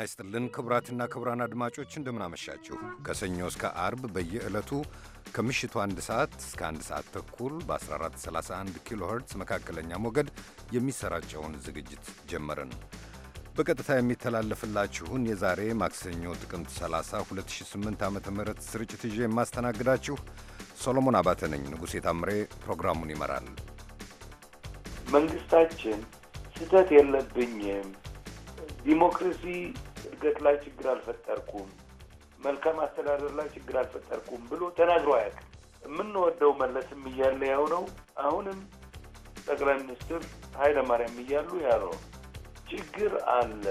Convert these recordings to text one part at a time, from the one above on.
ጤና ይስጥልን ክቡራትና ክቡራን አድማጮች እንደምናመሻችሁ። ከሰኞ እስከ አርብ በየዕለቱ ከምሽቱ አንድ ሰዓት እስከ አንድ ሰዓት ተኩል በ1431 ኪሎ ኸርትዝ መካከለኛ ሞገድ የሚሰራጨውን ዝግጅት ጀመርን። በቀጥታ የሚተላለፍላችሁን የዛሬ ማክሰኞ ጥቅምት 30 2008 ዓ ም ስርጭት ይዤ የማስተናግዳችሁ ሶሎሞን አባተ ነኝ። ንጉሥ የታምሬ ፕሮግራሙን ይመራል። መንግስታችን ስህተት የለብኝም ዲሞክራሲ እድገት ላይ ችግር አልፈጠርኩም፣ መልካም አስተዳደር ላይ ችግር አልፈጠርኩም ብሎ ተናግሮ አያውቅም። የምንወደው መለስም እያለ ያው ነው። አሁንም ጠቅላይ ሚኒስትር ኃይለማርያም እያሉ ያለው ችግር አለ።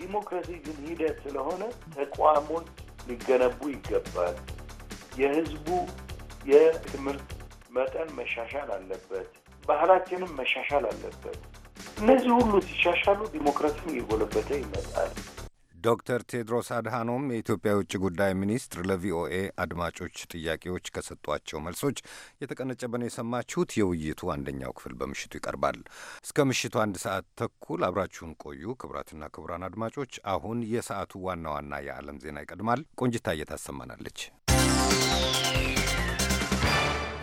ዲሞክራሲ ግን ሂደት ስለሆነ ተቋሞች ሊገነቡ ይገባል። የህዝቡ የትምህርት መጠን መሻሻል አለበት። ባህላችንም መሻሻል አለበት። እነዚህ ሁሉ ሲሻሻሉ ዲሞክራሲም እየጎለበተ ይመጣል። ዶክተር ቴድሮስ አድሃኖም የኢትዮጵያ የውጭ ጉዳይ ሚኒስትር ለቪኦኤ አድማጮች ጥያቄዎች ከሰጧቸው መልሶች የተቀነጨበን የሰማችሁት። የውይይቱ አንደኛው ክፍል በምሽቱ ይቀርባል። እስከ ምሽቱ አንድ ሰዓት ተኩል አብራችሁን ቆዩ። ክቡራትና ክቡራን አድማጮች፣ አሁን የሰዓቱ ዋና ዋና የዓለም ዜና ይቀድማል። ቆንጅታ እየታሰማናለች።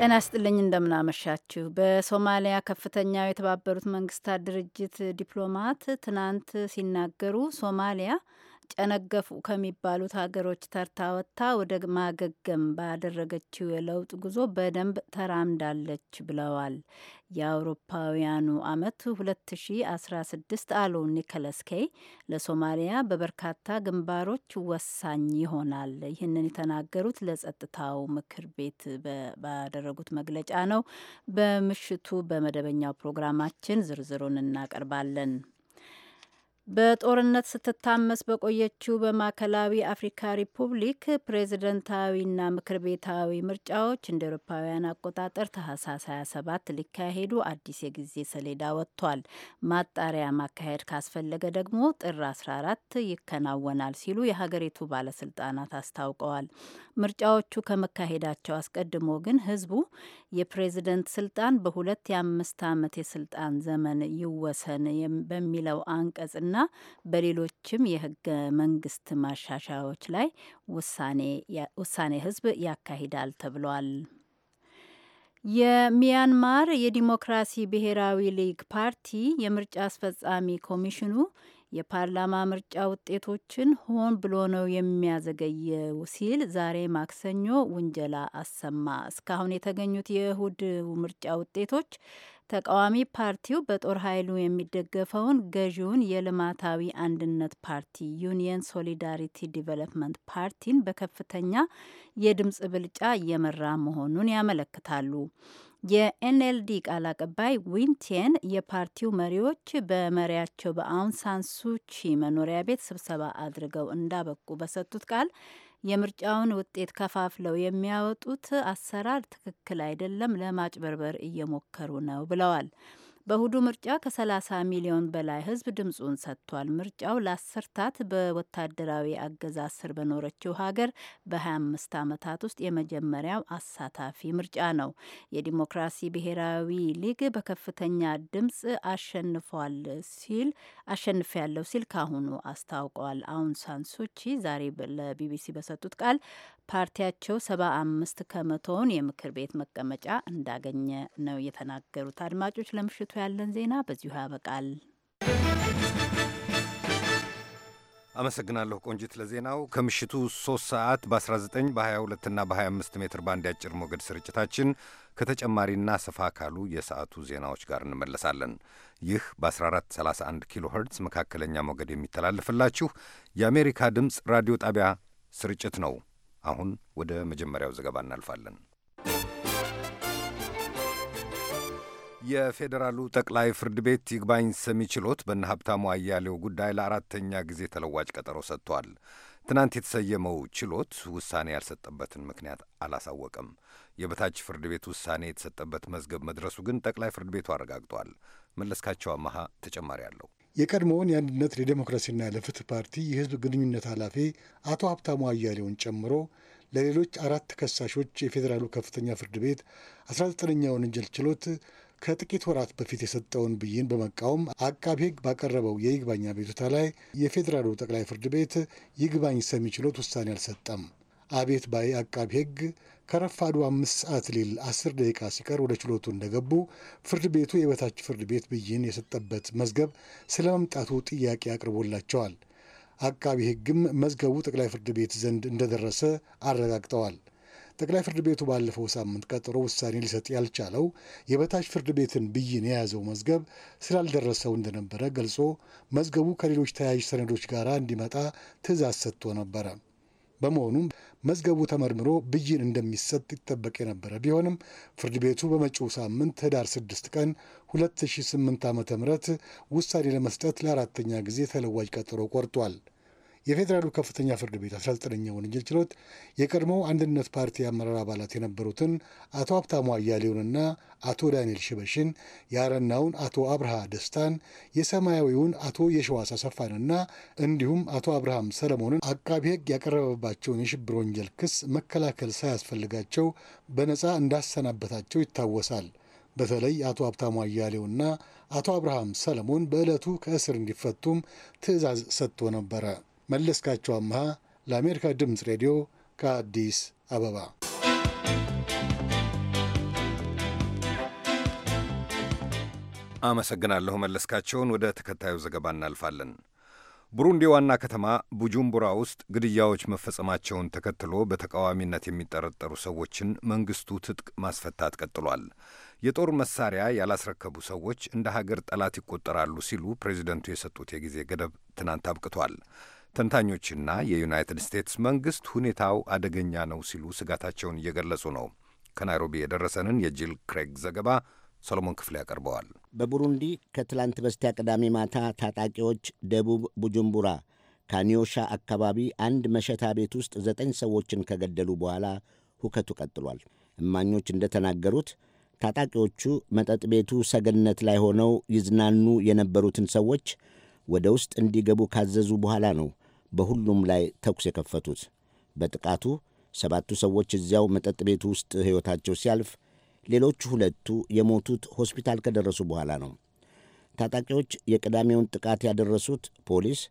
ጤና ስጥልኝ እንደምናመሻችሁ። በሶማሊያ ከፍተኛው የተባበሩት መንግስታት ድርጅት ዲፕሎማት ትናንት ሲናገሩ ሶማሊያ ጨነገፉ ከሚባሉት ሀገሮች ተርታ ወጥታ ወደ ማገገም ባደረገችው የለውጥ ጉዞ በደንብ ተራምዳለች ብለዋል። የአውሮፓውያኑ አመት 2016 አሉ ኒኮለስ ኬይ ለሶማሊያ በበርካታ ግንባሮች ወሳኝ ይሆናል። ይህንን የተናገሩት ለጸጥታው ምክር ቤት ባደረጉት መግለጫ ነው። በምሽቱ በመደበኛው ፕሮግራማችን ዝርዝሩን እናቀርባለን። በጦርነት ስትታመስ በቆየችው በማዕከላዊ አፍሪካ ሪፑብሊክ ፕሬዝደንታዊና ምክር ቤታዊ ምርጫዎች እንደ ኤሮፓውያን አቆጣጠር ታህሳስ 27 ሊካሄዱ አዲስ የጊዜ ሰሌዳ ወጥቷል። ማጣሪያ ማካሄድ ካስፈለገ ደግሞ ጥር 14 ይከናወናል ሲሉ የሀገሪቱ ባለስልጣናት አስታውቀዋል። ምርጫዎቹ ከመካሄዳቸው አስቀድሞ ግን ህዝቡ የፕሬዝደንት ስልጣን በሁለት የአምስት ዓመት የስልጣን ዘመን ይወሰን በሚለው አንቀጽና በሌሎችም የህገ መንግስት ማሻሻያዎች ላይ ውሳኔ ህዝብ ያካሂዳል ተብሏል። የሚያንማር የዲሞክራሲ ብሔራዊ ሊግ ፓርቲ የምርጫ አስፈጻሚ ኮሚሽኑ የፓርላማ ምርጫ ውጤቶችን ሆን ብሎ ነው የሚያዘገየው ሲል ዛሬ ማክሰኞ ውንጀላ አሰማ። እስካሁን የተገኙት የእሁድ ምርጫ ውጤቶች ተቃዋሚ ፓርቲው በጦር ኃይሉ የሚደገፈውን ገዢውን የልማታዊ አንድነት ፓርቲ ዩኒየን ሶሊዳሪቲ ዲቨሎፕመንት ፓርቲን በከፍተኛ የድምፅ ብልጫ እየመራ መሆኑን ያመለክታሉ። የኤንኤልዲ ቃል አቀባይ ዊንቲየን የፓርቲው መሪዎች በመሪያቸው በአውንሳንሱቺ መኖሪያ ቤት ስብሰባ አድርገው እንዳበቁ በሰጡት ቃል የምርጫውን ውጤት ከፋፍለው የሚያወጡት አሰራር ትክክል አይደለም፣ ለማጭበርበር እየሞከሩ ነው ብለዋል። በእሁዱ ምርጫ ከ30 ሚሊዮን በላይ ህዝብ ድምፁን ሰጥቷል። ምርጫው ለአስርታት በወታደራዊ አገዛዝ ስር በኖረችው ሀገር በ25 ዓመታት ውስጥ የመጀመሪያው አሳታፊ ምርጫ ነው። የዲሞክራሲ ብሔራዊ ሊግ በከፍተኛ ድምፅ አሸንፏል ሲል አሸንፍ ያለው ሲል ካሁኑ አስታውቀዋል። አውንግ ሳን ዛሬ ለቢቢሲ በሰጡት ቃል ፓርቲያቸው 75 ከመቶውን የምክር ቤት መቀመጫ እንዳገኘ ነው የተናገሩት። አድማጮች ለምሽቱ ያለን ዜና በዚሁ ያበቃል። አመሰግናለሁ ቆንጂት ለዜናው። ከምሽቱ 3 ሰዓት በ19 በ22ና በ25 ሜትር ባንድ ያጭር ሞገድ ስርጭታችን ከተጨማሪና ሰፋ ካሉ የሰዓቱ ዜናዎች ጋር እንመለሳለን። ይህ በ1431 ኪሎ ኸርትዝ መካከለኛ ሞገድ የሚተላለፍላችሁ የአሜሪካ ድምፅ ራዲዮ ጣቢያ ስርጭት ነው። አሁን ወደ መጀመሪያው ዘገባ እናልፋለን። የፌዴራሉ ጠቅላይ ፍርድ ቤት ይግባኝ ሰሚ ችሎት በእነ ሀብታሙ አያሌው ጉዳይ ለአራተኛ ጊዜ ተለዋጭ ቀጠሮ ሰጥቷል። ትናንት የተሰየመው ችሎት ውሳኔ ያልሰጠበትን ምክንያት አላሳወቀም። የበታች ፍርድ ቤት ውሳኔ የተሰጠበት መዝገብ መድረሱ ግን ጠቅላይ ፍርድ ቤቱ አረጋግጧል። መለስካቸው አመሃ ተጨማሪ አለው። የቀድሞውን የአንድነት ለዴሞክራሲና ለፍትህ ፓርቲ የህዝብ ግንኙነት ኃላፊ አቶ ሀብታሙ አያሌውን ጨምሮ ለሌሎች አራት ከሳሾች የፌዴራሉ ከፍተኛ ፍርድ ቤት 19ኛ ወንጀል ችሎት ከጥቂት ወራት በፊት የሰጠውን ብይን በመቃወም አቃቢ ሕግ ባቀረበው የይግባኝ አቤቱታ ላይ የፌዴራሉ ጠቅላይ ፍርድ ቤት ይግባኝ ሰሚ ችሎት ውሳኔ አልሰጠም። አቤት ባይ አቃቢ ሕግ ከረፋዱ አምስት ሰዓት ሊል አስር ደቂቃ ሲቀር ወደ ችሎቱ እንደገቡ ፍርድ ቤቱ የበታች ፍርድ ቤት ብይን የሰጠበት መዝገብ ስለ መምጣቱ ጥያቄ አቅርቦላቸዋል። አቃቢ ሕግም መዝገቡ ጠቅላይ ፍርድ ቤት ዘንድ እንደደረሰ አረጋግጠዋል። ጠቅላይ ፍርድ ቤቱ ባለፈው ሳምንት ቀጥሮ ውሳኔ ሊሰጥ ያልቻለው የበታች ፍርድ ቤትን ብይን የያዘው መዝገብ ስላልደረሰው እንደነበረ ገልጾ መዝገቡ ከሌሎች ተያያዥ ሰነዶች ጋር እንዲመጣ ትዕዛዝ ሰጥቶ ነበረ። በመሆኑም መዝገቡ ተመርምሮ ብይን እንደሚሰጥ ይጠበቅ የነበረ ቢሆንም ፍርድ ቤቱ በመጪው ሳምንት ህዳር 6 ቀን 2008 ዓ ም ውሳኔ ለመስጠት ለአራተኛ ጊዜ ተለዋጅ ቀጠሮ ቆርጧል። የፌዴራሉ ከፍተኛ ፍርድ ቤት 19ኛ ወንጀል ችሎት የቀድሞው አንድነት ፓርቲ አመራር አባላት የነበሩትን አቶ ሀብታሙ አያሌውንና አቶ ዳንኤል ሽበሽን፣ የአረናውን አቶ አብርሃ ደስታን፣ የሰማያዊውን አቶ የሸዋስ አሰፋንና እንዲሁም አቶ አብርሃም ሰለሞንን አቃቢ ሕግ ያቀረበባቸውን የሽብር ወንጀል ክስ መከላከል ሳያስፈልጋቸው በነፃ እንዳሰናበታቸው ይታወሳል። በተለይ አቶ ሀብታሙ አያሌውና አቶ አብርሃም ሰለሞን በዕለቱ ከእስር እንዲፈቱም ትዕዛዝ ሰጥቶ ነበረ። መለስካቸው አምሃ ለአሜሪካ ድምፅ ሬዲዮ ከአዲስ አበባ አመሰግናለሁ መለስካቸውን። ወደ ተከታዩ ዘገባ እናልፋለን። ቡሩንዲ ዋና ከተማ ቡጁምቡራ ውስጥ ግድያዎች መፈጸማቸውን ተከትሎ በተቃዋሚነት የሚጠረጠሩ ሰዎችን መንግስቱ ትጥቅ ማስፈታት ቀጥሏል። የጦር መሳሪያ ያላስረከቡ ሰዎች እንደ ሀገር ጠላት ይቆጠራሉ ሲሉ ፕሬዚደንቱ የሰጡት የጊዜ ገደብ ትናንት አብቅቷል። ተንታኞችና የዩናይትድ ስቴትስ መንግስት ሁኔታው አደገኛ ነው ሲሉ ስጋታቸውን እየገለጹ ነው። ከናይሮቢ የደረሰንን የጂል ክሬግ ዘገባ ሰሎሞን ክፍሌ ያቀርበዋል። በቡሩንዲ ከትላንት በስቲያ ቅዳሜ ማታ ታጣቂዎች ደቡብ ቡጁምቡራ ካኒዮሻ አካባቢ አንድ መሸታ ቤት ውስጥ ዘጠኝ ሰዎችን ከገደሉ በኋላ ሁከቱ ቀጥሏል። እማኞች እንደተናገሩት ታጣቂዎቹ መጠጥ ቤቱ ሰገነት ላይ ሆነው ይዝናኑ የነበሩትን ሰዎች ወደ ውስጥ እንዲገቡ ካዘዙ በኋላ ነው በሁሉም ላይ ተኩስ የከፈቱት። በጥቃቱ ሰባቱ ሰዎች እዚያው መጠጥ ቤቱ ውስጥ ሕይወታቸው ሲያልፍ፣ ሌሎቹ ሁለቱ የሞቱት ሆስፒታል ከደረሱ በኋላ ነው። ታጣቂዎች የቅዳሜውን ጥቃት ያደረሱት ፖሊስ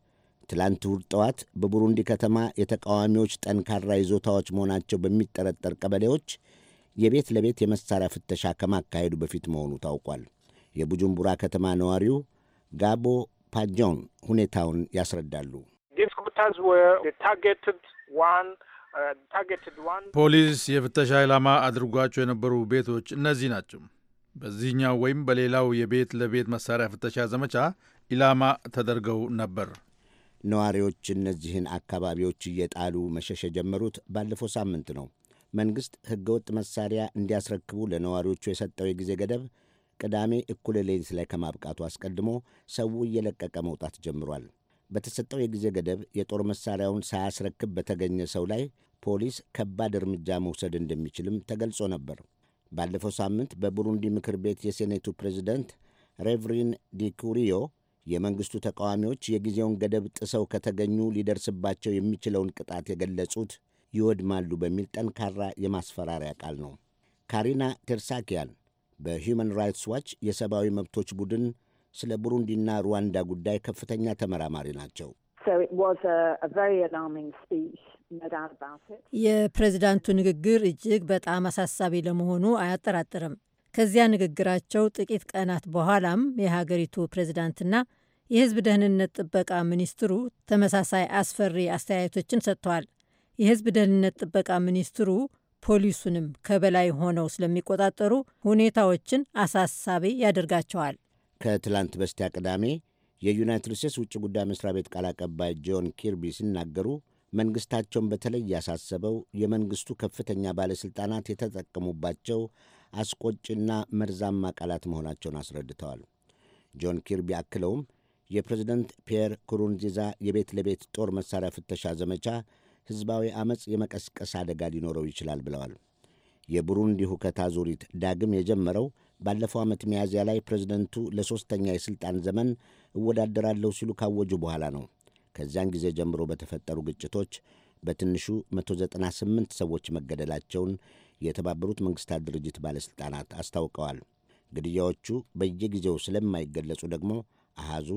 ትላንት እሁድ ጠዋት በቡሩንዲ ከተማ የተቃዋሚዎች ጠንካራ ይዞታዎች መሆናቸው በሚጠረጠር ቀበሌዎች የቤት ለቤት የመሳሪያ ፍተሻ ከማካሄዱ በፊት መሆኑ ታውቋል። የቡጁምቡራ ከተማ ነዋሪው ጋቦ ፓጆን ሁኔታውን ያስረዳሉ። ፖሊስ የፍተሻ ኢላማ አድርጓቸው የነበሩ ቤቶች እነዚህ ናቸው። በዚህኛው ወይም በሌላው የቤት ለቤት መሳሪያ ፍተሻ ዘመቻ ኢላማ ተደርገው ነበር። ነዋሪዎች እነዚህን አካባቢዎች እየጣሉ መሸሽ የጀመሩት ባለፈው ሳምንት ነው። መንግሥት ሕገወጥ መሳሪያ እንዲያስረክቡ ለነዋሪዎቹ የሰጠው የጊዜ ገደብ ቅዳሜ እኩለ ሌሊት ላይ ከማብቃቱ አስቀድሞ ሰው እየለቀቀ መውጣት ጀምሯል። በተሰጠው የጊዜ ገደብ የጦር መሳሪያውን ሳያስረክብ በተገኘ ሰው ላይ ፖሊስ ከባድ እርምጃ መውሰድ እንደሚችልም ተገልጾ ነበር። ባለፈው ሳምንት በቡሩንዲ ምክር ቤት የሴኔቱ ፕሬዚደንት ሬቭሪን ዲኩሪዮ የመንግሥቱ ተቃዋሚዎች የጊዜውን ገደብ ጥሰው ከተገኙ ሊደርስባቸው የሚችለውን ቅጣት የገለጹት ይወድማሉ በሚል ጠንካራ የማስፈራሪያ ቃል ነው። ካሪና ቴርሳኪያን በሁማን ራይትስ ዋች የሰብአዊ መብቶች ቡድን ስለ ቡሩንዲና ሩዋንዳ ጉዳይ ከፍተኛ ተመራማሪ ናቸው። የፕሬዚዳንቱ ንግግር እጅግ በጣም አሳሳቢ ለመሆኑ አያጠራጥርም። ከዚያ ንግግራቸው ጥቂት ቀናት በኋላም የሀገሪቱ ፕሬዚዳንትና የህዝብ ደህንነት ጥበቃ ሚኒስትሩ ተመሳሳይ አስፈሪ አስተያየቶችን ሰጥተዋል። የህዝብ ደህንነት ጥበቃ ሚኒስትሩ ፖሊሱንም ከበላይ ሆነው ስለሚቆጣጠሩ ሁኔታዎችን አሳሳቢ ያደርጋቸዋል። ከትላንት በስቲያ ቅዳሜ የዩናይትድ ስቴትስ ውጭ ጉዳይ መስሪያ ቤት ቃል አቀባይ ጆን ኪርቢ ሲናገሩ መንግሥታቸውን በተለይ ያሳሰበው የመንግሥቱ ከፍተኛ ባለሥልጣናት የተጠቀሙባቸው አስቆጭና መርዛማ ቃላት መሆናቸውን አስረድተዋል። ጆን ኪርቢ አክለውም የፕሬዝደንት ፒየር ኩሩንዚዛ የቤት ለቤት ጦር መሣሪያ ፍተሻ ዘመቻ ሕዝባዊ ዐመፅ የመቀስቀስ አደጋ ሊኖረው ይችላል ብለዋል። የቡሩንዲ ሁከት አዙሪት ዳግም የጀመረው ባለፈው ዓመት ሚያዝያ ላይ ፕሬዝደንቱ ለሦስተኛ የሥልጣን ዘመን እወዳደራለሁ ሲሉ ካወጁ በኋላ ነው። ከዚያን ጊዜ ጀምሮ በተፈጠሩ ግጭቶች በትንሹ 198 ሰዎች መገደላቸውን የተባበሩት መንግሥታት ድርጅት ባለሥልጣናት አስታውቀዋል። ግድያዎቹ በየጊዜው ስለማይገለጹ ደግሞ አሃዙ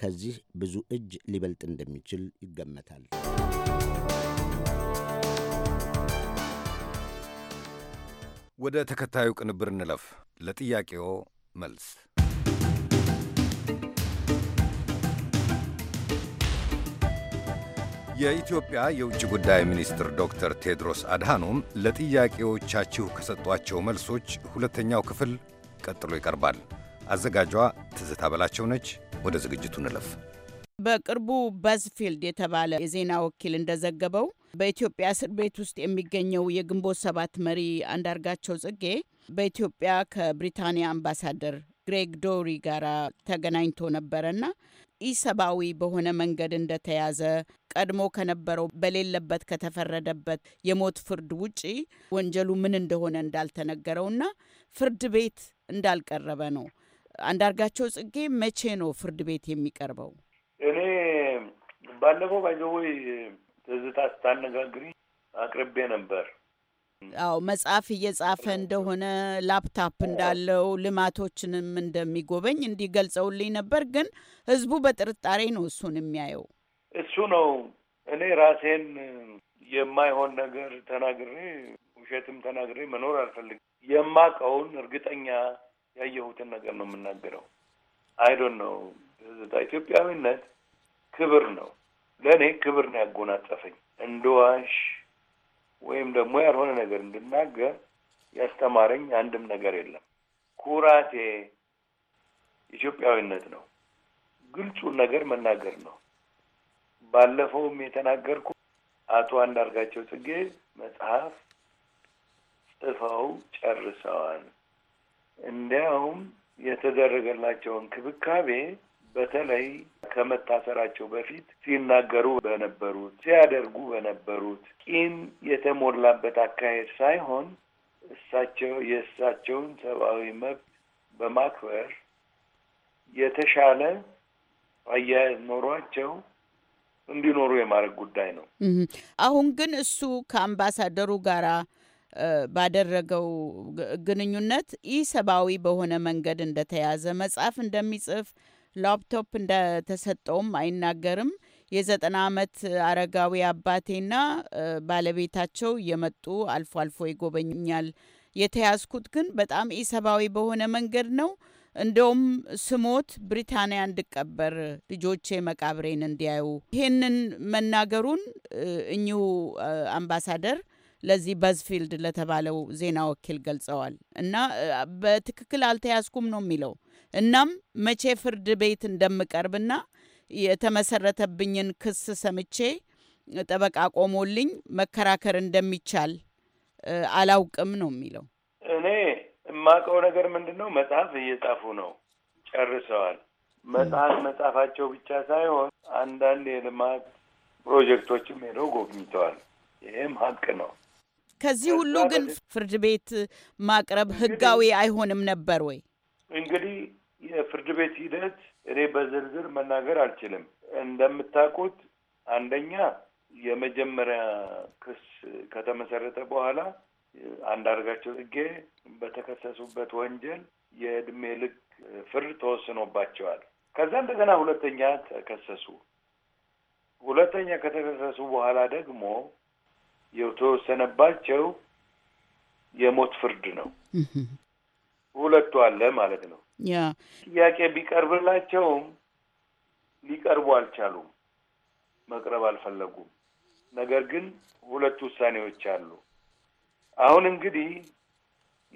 ከዚህ ብዙ እጅ ሊበልጥ እንደሚችል ይገመታል። ወደ ተከታዩ ቅንብር እንለፍ። ለጥያቄዎ መልስ የኢትዮጵያ የውጭ ጉዳይ ሚኒስትር ዶክተር ቴድሮስ አድሃኖም ለጥያቄዎቻችሁ ከሰጧቸው መልሶች ሁለተኛው ክፍል ቀጥሎ ይቀርባል። አዘጋጇ ትዝታ በላቸው ነች። ወደ ዝግጅቱ እንለፍ። በቅርቡ ባዝፊልድ የተባለ የዜና ወኪል እንደዘገበው በኢትዮጵያ እስር ቤት ውስጥ የሚገኘው የግንቦት ሰባት መሪ አንዳርጋቸው ጽጌ በኢትዮጵያ ከብሪታንያ አምባሳደር ግሬግ ዶሪ ጋር ተገናኝቶ ነበረና ኢሰብአዊ በሆነ መንገድ እንደተያዘ ቀድሞ ከነበረው በሌለበት ከተፈረደበት የሞት ፍርድ ውጪ ወንጀሉ ምን እንደሆነ እንዳልተነገረውና ፍርድ ቤት እንዳልቀረበ ነው። አንዳርጋቸው ጽጌ መቼ ነው ፍርድ ቤት የሚቀርበው? ባለፈው ባይዘወይ ትዝታ ስታነጋግሪ አቅርቤ ነበር። አዎ መጽሐፍ እየጻፈ እንደሆነ ላፕታፕ እንዳለው ልማቶችንም እንደሚጎበኝ እንዲህ ገልጸውልኝ ነበር። ግን ህዝቡ በጥርጣሬ ነው እሱን የሚያየው። እሱ ነው እኔ ራሴን የማይሆን ነገር ተናግሬ ውሸትም ተናግሬ መኖር አልፈልግም። የማውቀውን እርግጠኛ ያየሁትን ነገር ነው የምናገረው። አይዶን ነው ኢትዮጵያዊነት ክብር ነው። ለእኔ ክብር ነው ያጎናጸፈኝ። እንደዋሽ ወይም ደግሞ ያልሆነ ነገር እንድናገር ያስተማረኝ አንድም ነገር የለም። ኩራቴ ኢትዮጵያዊነት ነው። ግልጹን ነገር መናገር ነው። ባለፈውም የተናገርኩ አቶ አንዳርጋቸው ጽጌ መጽሐፍ ጽፈው ጨርሰዋል። እንዲያውም የተደረገላቸው እንክብካቤ በተለይ ከመታሰራቸው በፊት ሲናገሩ በነበሩት ሲያደርጉ በነበሩት ቂም የተሞላበት አካሄድ ሳይሆን እሳቸው የእሳቸውን ሰብአዊ መብት በማክበር የተሻለ አያያዝ ኖሯቸው እንዲኖሩ የማድረግ ጉዳይ ነው። አሁን ግን እሱ ከአምባሳደሩ ጋራ ባደረገው ግንኙነት ኢሰብአዊ በሆነ መንገድ እንደተያዘ መጽሐፍ እንደሚጽፍ ላፕቶፕ እንደተሰጠውም አይናገርም። የዘጠና ዓመት አረጋዊ አባቴና ባለቤታቸው እየመጡ አልፎ አልፎ ይጎበኛል። የተያዝኩት ግን በጣም ኢሰብአዊ በሆነ መንገድ ነው። እንደውም ስሞት ብሪታንያ እንድቀበር ልጆቼ መቃብሬን እንዲያዩ ይህንን መናገሩን እኚሁ አምባሳደር ለዚህ በዝፊልድ ለተባለው ዜና ወኪል ገልጸዋል። እና በትክክል አልተያዝኩም ነው የሚለው። እናም መቼ ፍርድ ቤት እንደምቀርብና የተመሰረተብኝን ክስ ሰምቼ ጠበቃ ቆሞልኝ መከራከር እንደሚቻል አላውቅም ነው የሚለው። እኔ የማውቀው ነገር ምንድን ነው፣ መጽሐፍ እየጻፉ ነው፣ ጨርሰዋል። መጽሐፍ መጻፋቸው ብቻ ሳይሆን አንዳንድ የልማት ፕሮጀክቶችም ሄደው ጎብኝተዋል። ይህም ሀቅ ነው። ከዚህ ሁሉ ግን ፍርድ ቤት ማቅረብ ህጋዊ አይሆንም ነበር ወይ? እንግዲህ የፍርድ ቤት ሂደት እኔ በዝርዝር መናገር አልችልም። እንደምታውቁት አንደኛ የመጀመሪያ ክስ ከተመሰረተ በኋላ አንዳርጋቸው ጽጌ በተከሰሱበት ወንጀል የእድሜ ልክ ፍርድ ተወስኖባቸዋል። ከዛ እንደገና ሁለተኛ ተከሰሱ። ሁለተኛ ከተከሰሱ በኋላ ደግሞ የተወሰነባቸው የሞት ፍርድ ነው። ሁለቱ አለ ማለት ነው። ጥያቄ ቢቀርብላቸውም ሊቀርቡ አልቻሉም፣ መቅረብ አልፈለጉም። ነገር ግን ሁለት ውሳኔዎች አሉ። አሁን እንግዲህ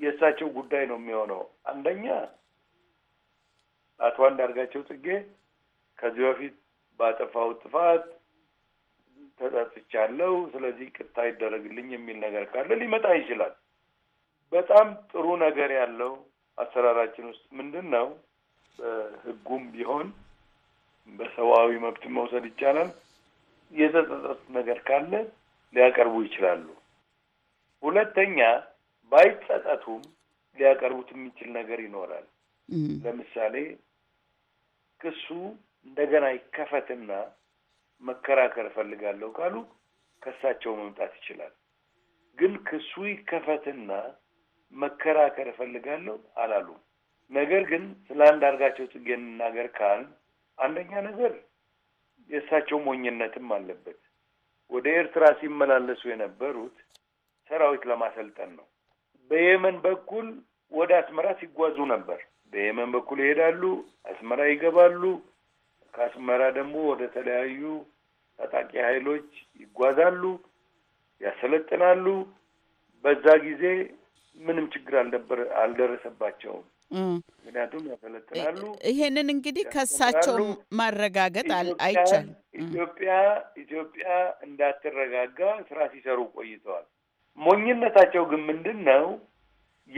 የእሳቸው ጉዳይ ነው የሚሆነው። አንደኛ አቶ አንዳርጋቸው ጽጌ ከዚህ በፊት ባጠፋው ጥፋት ተጸጽቻለሁ፣ ስለዚህ ቅታ ይደረግልኝ የሚል ነገር ካለ ሊመጣ ይችላል። በጣም ጥሩ ነገር ያለው አሰራራችን ውስጥ ምንድን ነው? በህጉም ቢሆን በሰብአዊ መብት መውሰድ ይቻላል። የተጸጸት ነገር ካለ ሊያቀርቡ ይችላሉ። ሁለተኛ ባይጸጸቱም ሊያቀርቡት የሚችል ነገር ይኖራል። ለምሳሌ ክሱ እንደገና ይከፈትና መከራከር እፈልጋለሁ ካሉ ከሳቸው መምጣት ይችላል። ግን ክሱ ይከፈትና መከራከር እፈልጋለሁ አላሉም። ነገር ግን ስለ አንዳርጋቸው ጽጌ እንናገር ካል አንደኛ ነገር የእሳቸው ሞኝነትም አለበት። ወደ ኤርትራ ሲመላለሱ የነበሩት ሰራዊት ለማሰልጠን ነው። በየመን በኩል ወደ አስመራ ሲጓዙ ነበር። በየመን በኩል ይሄዳሉ፣ አስመራ ይገባሉ፣ ከአስመራ ደግሞ ወደ ተለያዩ ታጣቂ ኃይሎች ይጓዛሉ፣ ያሰለጥናሉ። በዛ ጊዜ ምንም ችግር አልደረሰባቸውም። ምክንያቱም ያሰለጥናሉ። ይሄንን እንግዲህ ከሳቸው ማረጋገጥ አይቻልም። ኢትዮጵያ ኢትዮጵያ እንዳትረጋጋ ስራ ሲሰሩ ቆይተዋል። ሞኝነታቸው ግን ምንድን ነው?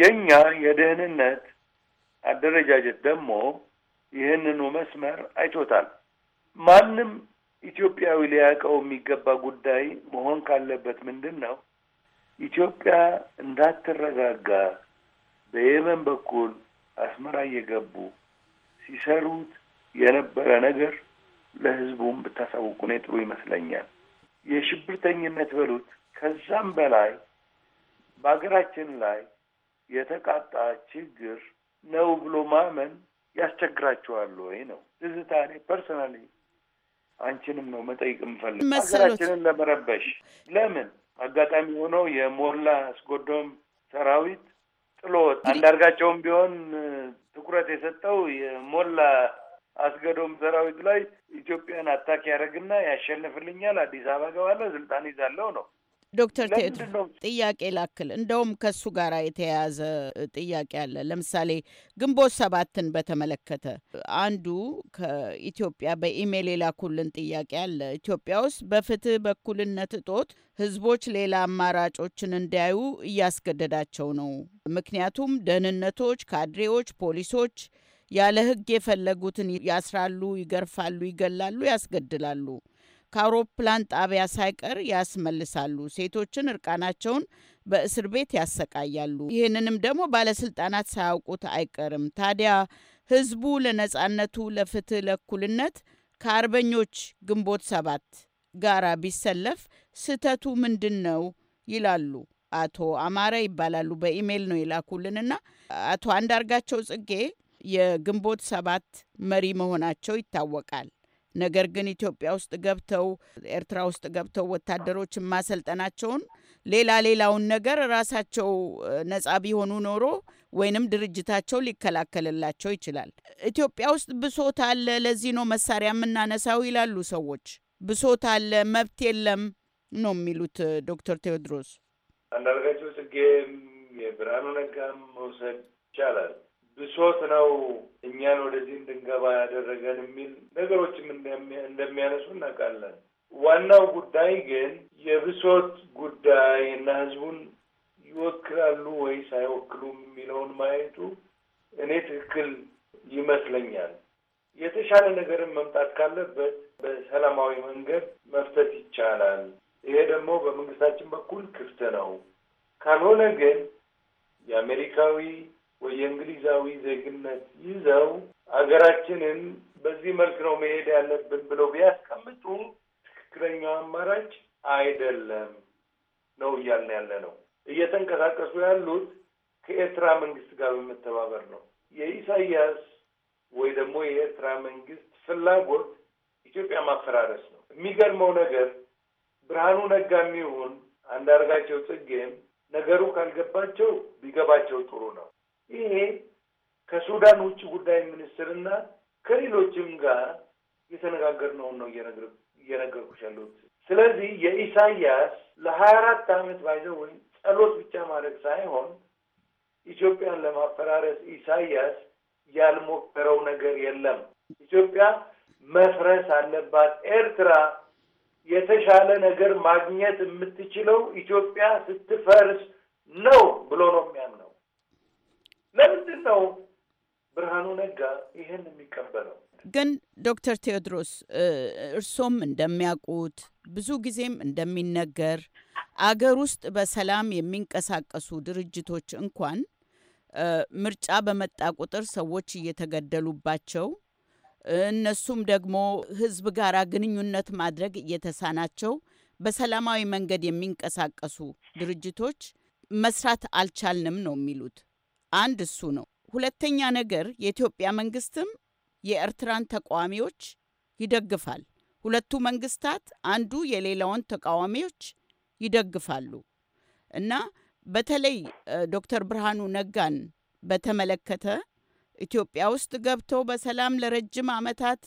የእኛ የደህንነት አደረጃጀት ደግሞ ይህንኑ መስመር አይቶታል። ማንም ኢትዮጵያዊ ሊያውቀው የሚገባ ጉዳይ መሆን ካለበት ምንድን ነው? ኢትዮጵያ እንዳትረጋጋ በየመን በኩል አስመራ እየገቡ ሲሰሩት የነበረ ነገር ለህዝቡም ብታሳውቁ እኔ ጥሩ ይመስለኛል። የሽብርተኝነት በሉት ከዛም በላይ በሀገራችን ላይ የተቃጣ ችግር ነው ብሎ ማመን ያስቸግራቸዋል ወይ ነው ትዝታ። እኔ ፐርሰናሊ አንቺንም ነው መጠይቅ የምፈልግ ሀገራችንን ለመረበሽ ለምን አጋጣሚ ሆኖ የሞላ አስጎዶም ሰራዊት ጥሎ አንዳርጋቸውም ቢሆን ትኩረት የሰጠው የሞላ አስገዶም ሰራዊት ላይ ኢትዮጵያን አታክ ያደርግና ያሸንፍልኛል፣ አዲስ አበባ ገባለሁ፣ ስልጣን ይዛለው ነው ዶክተር ቴድሮ ጥያቄ ላክል። እንደውም ከሱ ጋር የተያያዘ ጥያቄ አለ። ለምሳሌ ግንቦት ሰባትን በተመለከተ አንዱ ከኢትዮጵያ በኢሜይል የላኩልን ጥያቄ አለ። ኢትዮጵያ ውስጥ በፍትህ በኩልነት እጦት ህዝቦች ሌላ አማራጮችን እንዲያዩ እያስገደዳቸው ነው። ምክንያቱም ደህንነቶች፣ ካድሬዎች፣ ፖሊሶች ያለ ህግ የፈለጉትን ያስራሉ፣ ይገርፋሉ፣ ይገላሉ፣ ያስገድላሉ ከአውሮፕላን ጣቢያ ሳይቀር ያስመልሳሉ። ሴቶችን እርቃናቸውን በእስር ቤት ያሰቃያሉ። ይህንንም ደግሞ ባለስልጣናት ሳያውቁት አይቀርም። ታዲያ ህዝቡ ለነጻነቱ፣ ለፍትህ፣ ለእኩልነት ከአርበኞች ግንቦት ሰባት ጋራ ቢሰለፍ ስህተቱ ምንድን ነው ይላሉ። አቶ አማረ ይባላሉ። በኢሜይል ነው የላኩልንና አቶ አንዳርጋቸው ጽጌ የግንቦት ሰባት መሪ መሆናቸው ይታወቃል። ነገር ግን ኢትዮጵያ ውስጥ ገብተው ኤርትራ ውስጥ ገብተው ወታደሮችን ማሰልጠናቸውን ሌላ ሌላውን ነገር ራሳቸው ነጻ ቢሆኑ ኖሮ ወይንም ድርጅታቸው ሊከላከልላቸው ይችላል። ኢትዮጵያ ውስጥ ብሶት አለ። ለዚህ ነው መሳሪያ የምናነሳው ይላሉ ሰዎች። ብሶት አለ፣ መብት የለም ነው የሚሉት ዶክተር ቴዎድሮስ አንዳርጋቸው ጽጌም የብርሃኑ ነጋም መውሰድ ይቻላል። ብሶት ነው እኛን ወደዚህ እንድንገባ ያደረገን የሚል ነገሮችም እንደሚያነሱ እናውቃለን። ዋናው ጉዳይ ግን የብሶት ጉዳይ እና ህዝቡን ይወክላሉ ወይስ አይወክሉም የሚለውን ማየቱ እኔ ትክክል ይመስለኛል። የተሻለ ነገርን መምጣት ካለበት በሰላማዊ መንገድ መፍተት ይቻላል። ይሄ ደግሞ በመንግስታችን በኩል ክፍት ነው። ካልሆነ ግን የአሜሪካዊ ወይ የእንግሊዛዊ ዜግነት ይዘው ሀገራችንን በዚህ መልክ ነው መሄድ ያለብን ብለው ቢያስቀምጡ ትክክለኛው አማራጭ አይደለም ነው እያልን ያለ ነው። እየተንቀሳቀሱ ያሉት ከኤርትራ መንግስት ጋር በመተባበር ነው። የኢሳያስ ወይ ደግሞ የኤርትራ መንግስት ፍላጎት ኢትዮጵያ ማፈራረስ ነው። የሚገርመው ነገር ብርሃኑ ነጋም ይሁን አንዳርጋቸው ጽጌም ነገሩ ካልገባቸው ቢገባቸው ጥሩ ነው። ይሄ ከሱዳን ውጭ ጉዳይ ሚኒስትርና ከሌሎችም ጋር የተነጋገርነውን ነው እየነገርኩሽ ያለሁት። ስለዚህ የኢሳያስ ለሀያ አራት ዓመት ባይዘው ወይም ጸሎት ብቻ ማድረግ ሳይሆን ኢትዮጵያን ለማፈራረስ ኢሳያስ ያልሞከረው ነገር የለም። ኢትዮጵያ መፍረስ አለባት። ኤርትራ የተሻለ ነገር ማግኘት የምትችለው ኢትዮጵያ ስትፈርስ ነው ብሎ ነው የሚያምነው። ለምንድን ነው ብርሃኑ ነጋ ይህን የሚቀበለው? ግን ዶክተር ቴዎድሮስ እርሶም እንደሚያውቁት ብዙ ጊዜም እንደሚነገር አገር ውስጥ በሰላም የሚንቀሳቀሱ ድርጅቶች እንኳን ምርጫ በመጣ ቁጥር ሰዎች እየተገደሉባቸው እነሱም ደግሞ ሕዝብ ጋር ግንኙነት ማድረግ እየተሳናቸው በሰላማዊ መንገድ የሚንቀሳቀሱ ድርጅቶች መስራት አልቻልንም ነው የሚሉት። አንድ እሱ ነው። ሁለተኛ ነገር የኢትዮጵያ መንግስትም የኤርትራን ተቃዋሚዎች ይደግፋል። ሁለቱ መንግስታት አንዱ የሌላውን ተቃዋሚዎች ይደግፋሉ እና በተለይ ዶክተር ብርሃኑ ነጋን በተመለከተ ኢትዮጵያ ውስጥ ገብተው በሰላም ለረጅም ዓመታት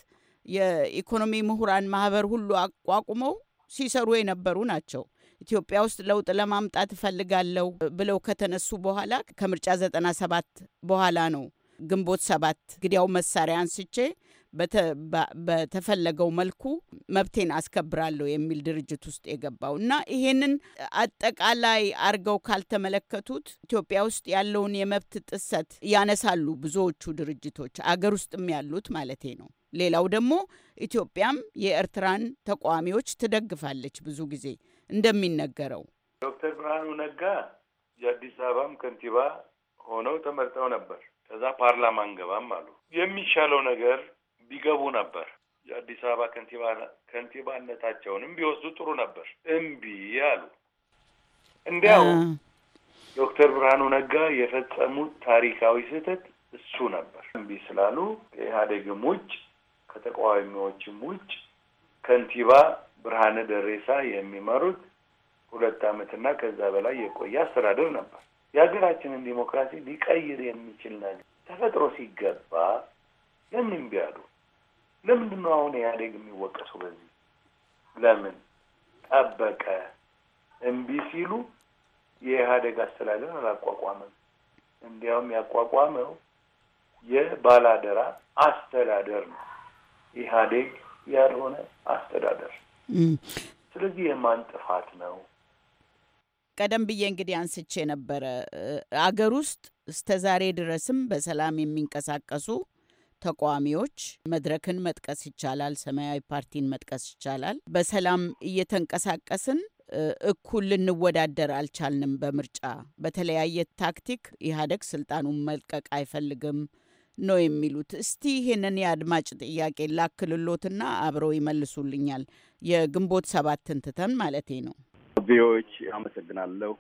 የኢኮኖሚ ምሁራን ማህበር ሁሉ አቋቁመው ሲሰሩ የነበሩ ናቸው። ኢትዮጵያ ውስጥ ለውጥ ለማምጣት እፈልጋለሁ ብለው ከተነሱ በኋላ ከምርጫ ዘጠና ሰባት በኋላ ነው ግንቦት ሰባት ግዲያው መሳሪያ አንስቼ በተፈለገው መልኩ መብቴን አስከብራለሁ የሚል ድርጅት ውስጥ የገባው እና ይሄንን አጠቃላይ አርገው ካልተመለከቱት ኢትዮጵያ ውስጥ ያለውን የመብት ጥሰት ያነሳሉ ብዙዎቹ ድርጅቶች አገር ውስጥም ያሉት ማለቴ ነው። ሌላው ደግሞ ኢትዮጵያም የኤርትራን ተቃዋሚዎች ትደግፋለች ብዙ ጊዜ እንደሚነገረው ዶክተር ብርሃኑ ነጋ የአዲስ አበባም ከንቲባ ሆነው ተመርጠው ነበር። ከዛ ፓርላማ እንገባም አሉ። የሚሻለው ነገር ቢገቡ ነበር። የአዲስ አበባ ከንቲባ ከንቲባነታቸውንም ቢወስዱ ጥሩ ነበር። እምቢ አሉ። እንዲያው ዶክተር ብርሃኑ ነጋ የፈጸሙት ታሪካዊ ስህተት እሱ ነበር። እምቢ ስላሉ ከኢህአዴግም ውጭ ከተቃዋሚዎችም ውጭ ከንቲባ ብርሃነ ደሬሳ የሚመሩት ሁለት ዓመትና ከዛ በላይ የቆየ አስተዳደር ነበር። የሀገራችንን ዲሞክራሲ ሊቀይር የሚችል ነገር ተፈጥሮ ሲገባ ለምን እምቢ ለምንድን ነው አሁን ኢህአዴግ የሚወቀሱ? በዚህ ለምን ጠበቀ? እምቢ ሲሉ የኢህአዴግ አስተዳደር አላቋቋመም። እንዲያውም ያቋቋመው የባላደራ አስተዳደር ነው፣ ኢህአዴግ ያልሆነ አስተዳደር ስለዚህ የማን ጥፋት ነው? ቀደም ብዬ እንግዲህ አንስቼ ነበረ። አገር ውስጥ እስከ ዛሬ ድረስም በሰላም የሚንቀሳቀሱ ተቃዋሚዎች መድረክን መጥቀስ ይቻላል፣ ሰማያዊ ፓርቲን መጥቀስ ይቻላል። በሰላም እየተንቀሳቀስን እኩል ልንወዳደር አልቻልንም። በምርጫ በተለያየ ታክቲክ ኢህአዴግ ስልጣኑን መልቀቅ አይፈልግም ነው የሚሉት። እስቲ ይህንን የአድማጭ ጥያቄ ላክልሎትና አብረው ይመልሱልኛል። የግንቦት ሰባትን ትተን ማለቴ ነው። ቪዎች አመሰግናለሁ።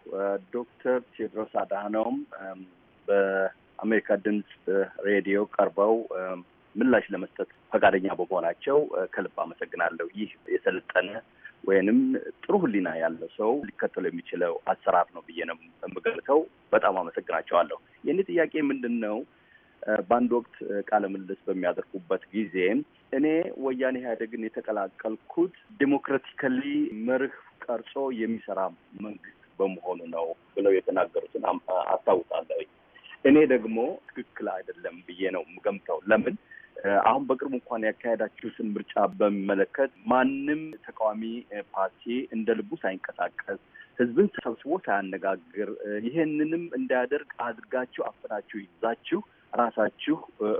ዶክተር ቴዎድሮስ አድሃኖም በአሜሪካ ድምፅ ሬዲዮ ቀርበው ምላሽ ለመስጠት ፈቃደኛ በመሆናቸው ከልብ አመሰግናለሁ። ይህ የሰለጠነ ወይንም ጥሩ ሕሊና ያለው ሰው ሊከተለው የሚችለው አሰራር ነው ብዬ ነው የምገልተው። በጣም አመሰግናቸዋለሁ። የእኔ ጥያቄ ምንድን ነው? በአንድ ወቅት ቃለ ምልልስ በሚያደርጉበት ጊዜ እኔ ወያኔ ኢህአዴግን የተቀላቀልኩት ዴሞክራቲካሊ መርህ ቀርጾ የሚሰራ መንግስት በመሆኑ ነው ብለው የተናገሩትን አስታውሳለሁ። እኔ ደግሞ ትክክል አይደለም ብዬ ነው የምገምተው። ለምን አሁን በቅርቡ እንኳን ያካሄዳችሁትን ምርጫ በሚመለከት ማንም ተቃዋሚ ፓርቲ እንደ ልቡ ሳይንቀሳቀስ ህዝብን ሰብስቦ ሳያነጋግር ይህንንም እንዳያደርግ አድርጋችሁ አፍናችሁ ይዛችሁ ራሳችሁ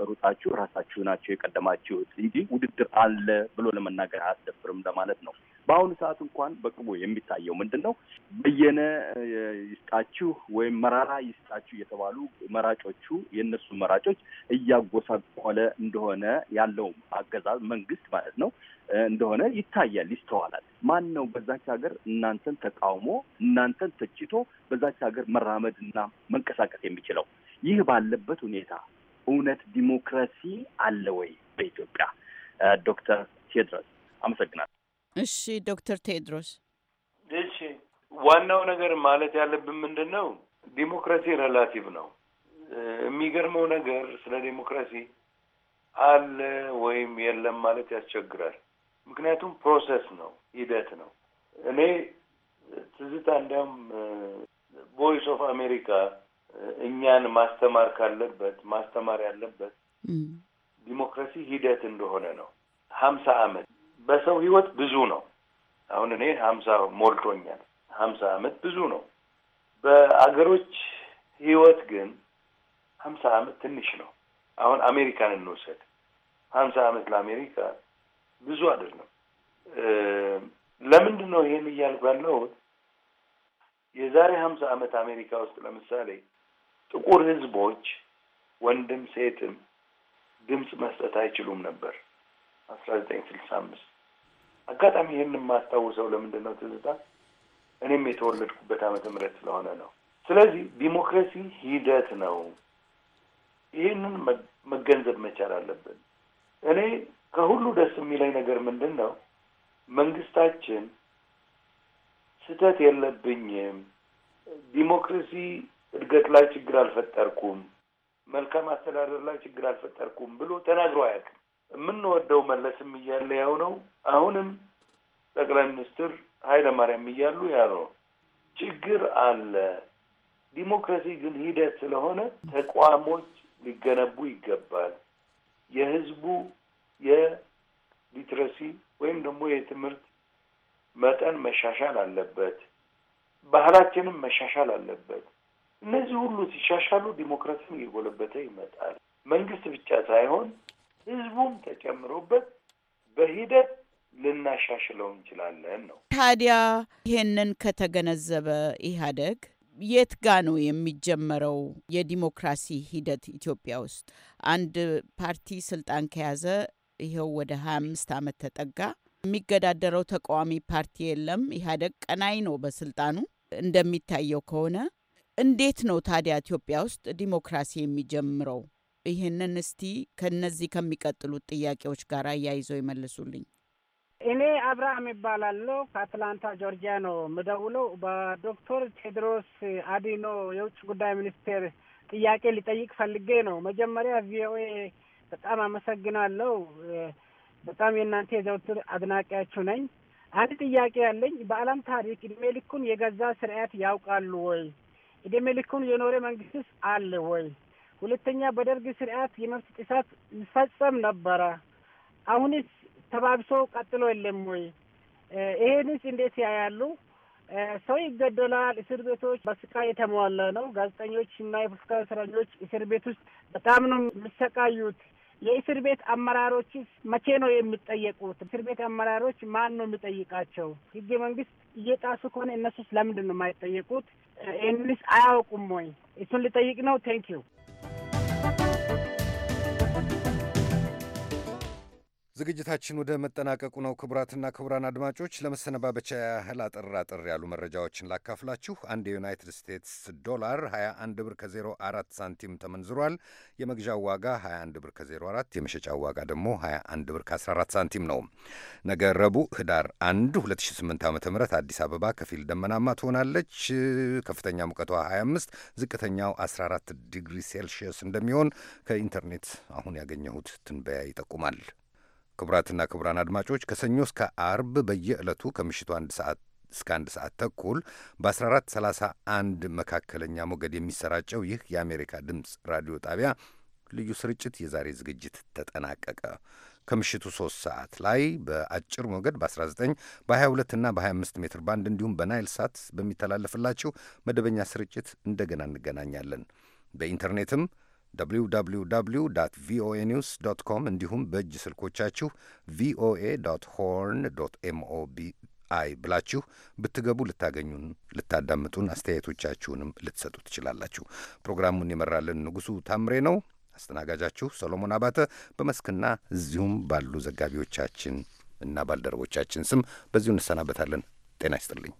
ሩጣችሁ ራሳችሁ ናቸው የቀደማችሁት እንጂ ውድድር አለ ብሎ ለመናገር አያስደፍርም ለማለት ነው። በአሁኑ ሰዓት እንኳን በቅርቡ የሚታየው ምንድን ነው? በየነ ይስጣችሁ ወይም መራራ ይስጣችሁ የተባሉ መራጮቹ የእነሱ መራጮች እያጎሳቆለ እንደሆነ ያለው አገዛዝ መንግስት ማለት ነው እንደሆነ ይታያል፣ ይስተዋላል። ማን ነው በዛች ሀገር እናንተን ተቃውሞ እናንተን ተችቶ በዛች ሀገር መራመድ እና መንቀሳቀስ የሚችለው? ይህ ባለበት ሁኔታ እውነት ዲሞክራሲ አለ ወይ በኢትዮጵያ? ዶክተር ቴድሮስ አመሰግናለሁ። እሺ ዶክተር ቴድሮስ እሺ። ዋናው ነገር ማለት ያለብን ምንድን ነው፣ ዲሞክራሲ ሬላቲቭ ነው። የሚገርመው ነገር ስለ ዲሞክራሲ አለ ወይም የለም ማለት ያስቸግራል። ምክንያቱም ፕሮሰስ ነው፣ ሂደት ነው። እኔ ትዝታ እንዲያውም ቮይስ ኦፍ አሜሪካ እኛን ማስተማር ካለበት ማስተማር ያለበት ዲሞክራሲ ሂደት እንደሆነ ነው። ሀምሳ አመት በሰው ህይወት ብዙ ነው። አሁን እኔ ሀምሳ ሞልቶኛል። ሀምሳ ዓመት ብዙ ነው። በአገሮች ህይወት ግን ሀምሳ አመት ትንሽ ነው። አሁን አሜሪካን እንወሰድ ሀምሳ ዓመት ለአሜሪካ ብዙ አይደለም። ለምንድን ነው ይሄን እያልኩ ያለሁት? የዛሬ ሀምሳ አመት አሜሪካ ውስጥ ለምሳሌ ጥቁር ህዝቦች ወንድም ሴትም ድምፅ መስጠት አይችሉም ነበር። አስራ ዘጠኝ ስልሳ አምስት አጋጣሚ ይህን የማስታውሰው ለምንድን ነው ትዝታ? እኔም የተወለድኩበት አመተ ምህረት ስለሆነ ነው። ስለዚህ ዲሞክራሲ ሂደት ነው። ይህንን መገንዘብ መቻል አለብን። እኔ ከሁሉ ደስ የሚለኝ ነገር ምንድን ነው መንግስታችን ስህተት የለብኝም ዲሞክራሲ እድገት ላይ ችግር አልፈጠርኩም፣ መልካም አስተዳደር ላይ ችግር አልፈጠርኩም ብሎ ተናግሮ አያውቅም። የምንወደው መለስም እያለ ያው ነው። አሁንም ጠቅላይ ሚኒስትር ኃይለማርያም እያሉ ያው ችግር አለ። ዲሞክራሲ ግን ሂደት ስለሆነ ተቋሞች ሊገነቡ ይገባል። የህዝቡ የሊትረሲ ወይም ደግሞ የትምህርት መጠን መሻሻል አለበት። ባህላችንም መሻሻል አለበት። እነዚህ ሁሉ ሲሻሻሉ ዲሞክራሲም እየጎለበተ ይመጣል። መንግስት ብቻ ሳይሆን ህዝቡም ተጨምሮበት በሂደት ልናሻሽለው እንችላለን ነው። ታዲያ ይሄንን ከተገነዘበ ኢህአደግ የት ጋ ነው የሚጀመረው የዲሞክራሲ ሂደት ኢትዮጵያ ውስጥ? አንድ ፓርቲ ስልጣን ከያዘ ይኸው ወደ ሀያ አምስት አመት ተጠጋ። የሚገዳደረው ተቃዋሚ ፓርቲ የለም። ኢህአደግ ቀናይ ነው በስልጣኑ እንደሚታየው ከሆነ እንዴት ነው ታዲያ ኢትዮጵያ ውስጥ ዲሞክራሲ የሚጀምረው? ይህንን እስቲ ከነዚህ ከሚቀጥሉት ጥያቄዎች ጋር አያይዘው ይመልሱልኝ። እኔ አብርሃም ይባላለሁ። ከአትላንታ ጆርጂያ ነው የምደውለው። በዶክተር ቴድሮስ አዲኖ የውጭ ጉዳይ ሚኒስቴር ጥያቄ ሊጠይቅ ፈልጌ ነው። መጀመሪያ ቪኦኤ በጣም አመሰግናለሁ። በጣም የእናንተ የዘውትር አድናቂያችሁ ነኝ። አንድ ጥያቄ ያለኝ በዓለም ታሪክ እድሜ ልኩን የገዛ ስርዓት ያውቃሉ ወይ? እድሜ ልኩን የኖረ መንግስትስ አለ ወይ? ሁለተኛ በደርግ ስርዓት የመብት ጥሰት ይፈጸም ነበረ። አሁንስ ተባብሶ ቀጥሎ የለም ወይ? ይሄንስ እንዴት ያያሉ? ሰው ይገደላል። እስር ቤቶች በስቃይ የተሟላ ነው። ጋዜጠኞች እና የፖለቲካ እስረኞች እስር ቤት ውስጥ በጣም ነው የሚሰቃዩት። የእስር ቤት አመራሮች መቼ ነው የሚጠየቁት? እስር ቤት አመራሮች ማን ነው የሚጠይቃቸው? ህገ መንግስት እየጣሱ ከሆነ እነሱስ ለምንድን ነው የማይጠየቁት? ይህንስ አያውቁም ወይ? እሱን ልጠይቅ ነው። ቴንክ ዩ ዝግጅታችን ወደ መጠናቀቁ ነው። ክቡራትና ክቡራን አድማጮች ለመሰነባበቻ ያህል አጠር አጠር ያሉ መረጃዎችን ላካፍላችሁ። አንድ የዩናይትድ ስቴትስ ዶላር 21 ብር ከ04 ሳንቲም ተመንዝሯል። የመግዣው ዋጋ 21 ብር ከ04፣ የመሸጫው ዋጋ ደግሞ 21 ብር ከ14 ሳንቲም ነው። ነገ ረቡዕ ህዳር 1 2008 ዓ ም አዲስ አበባ ከፊል ደመናማ ትሆናለች። ከፍተኛ ሙቀቷ 25፣ ዝቅተኛው 14 ዲግሪ ሴልሺየስ እንደሚሆን ከኢንተርኔት አሁን ያገኘሁት ትንበያ ይጠቁማል። ክቡራትና ክቡራን አድማጮች ከሰኞ እስከ አርብ በየዕለቱ ከምሽቱ አንድ ሰዓት እስከ አንድ ሰዓት ተኩል በ1431 መካከለኛ ሞገድ የሚሰራጨው ይህ የአሜሪካ ድምፅ ራዲዮ ጣቢያ ልዩ ስርጭት የዛሬ ዝግጅት ተጠናቀቀ። ከምሽቱ 3 ሰዓት ላይ በአጭር ሞገድ በ19 በ22 እና በ25 ሜትር ባንድ እንዲሁም በናይል ሳት በሚተላለፍላችሁ መደበኛ ስርጭት እንደገና እንገናኛለን። በኢንተርኔትም www ቪኦኤ ኒውስ ዶት ኮም እንዲሁም በእጅ ስልኮቻችሁ ቪኦኤ ዶት ሆርን ዶት አይ ብላችሁ ብትገቡ ልታገኙን፣ ልታዳምጡን፣ አስተያየቶቻችሁንም ልትሰጡ ትችላላችሁ። ፕሮግራሙን የመራልን ንጉሱ ታምሬ ነው። አስተናጋጃችሁ ሰሎሞን አባተ በመስክና እዚሁም ባሉ ዘጋቢዎቻችን እና ባልደረቦቻችን ስም በዚሁ እንሰናበታለን። ጤና ይስጥልኝ።